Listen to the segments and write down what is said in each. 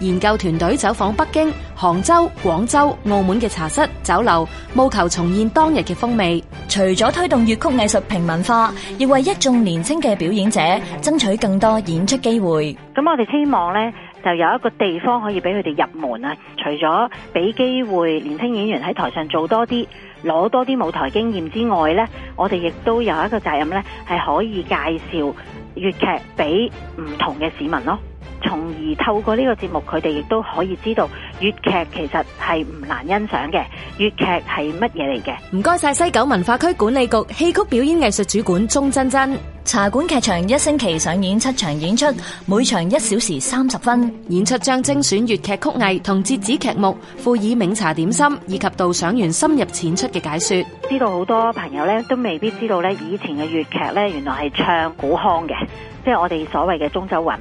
研究團隊走訪北京、杭州、廣州、澳門嘅茶室、酒樓，務求重現當日嘅風味。除咗推動粵曲藝術平民化，亦為一眾年輕嘅表演者爭取更多演出機會。咁我哋希望呢，就有一個地方可以俾佢哋入門啊。除咗俾機會年輕演員喺台上做多啲，攞多啲舞台經驗之外呢，我哋亦都有一個責任呢，係可以介紹粵劇俾唔同嘅市民咯。從而透過呢個節目，佢哋亦都可以知道粵劇其實係唔難欣賞嘅。粵劇係乜嘢嚟嘅？唔該晒西九文化區管理局戲曲表演藝術主管鍾珍珍。茶館劇場一星期上演七場演出，每場一小時三十分。演出將精選粵，粵劇曲藝同折子劇目，附以茗茶點心以及導賞員深入淺出嘅解說。知道好多朋友咧都未必知道咧，以前嘅粵劇咧原來係唱古腔嘅，即係我哋所謂嘅中州韻。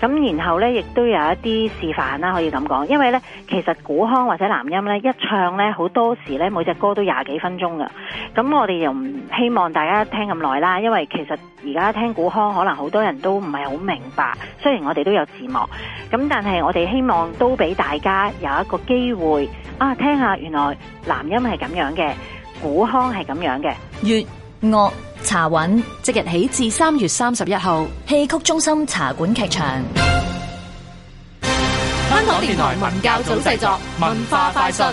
咁然後咧，亦都有一啲示範啦，可以咁講。因為咧，其實古腔或者南音咧，一唱咧，好多時咧，每隻歌都廿幾分鐘噶。咁我哋又唔希望大家聽咁耐啦，因為其實而家聽古腔可能好多人都唔係好明白，雖然我哋都有字幕，咁但係我哋希望都俾大家有一個機會啊，聽下原來南音係咁樣嘅，古腔係咁樣嘅，樂茶韻即日起至三月三十一號，戲曲中心茶館劇場。香港電台文教組製作，文化快訊。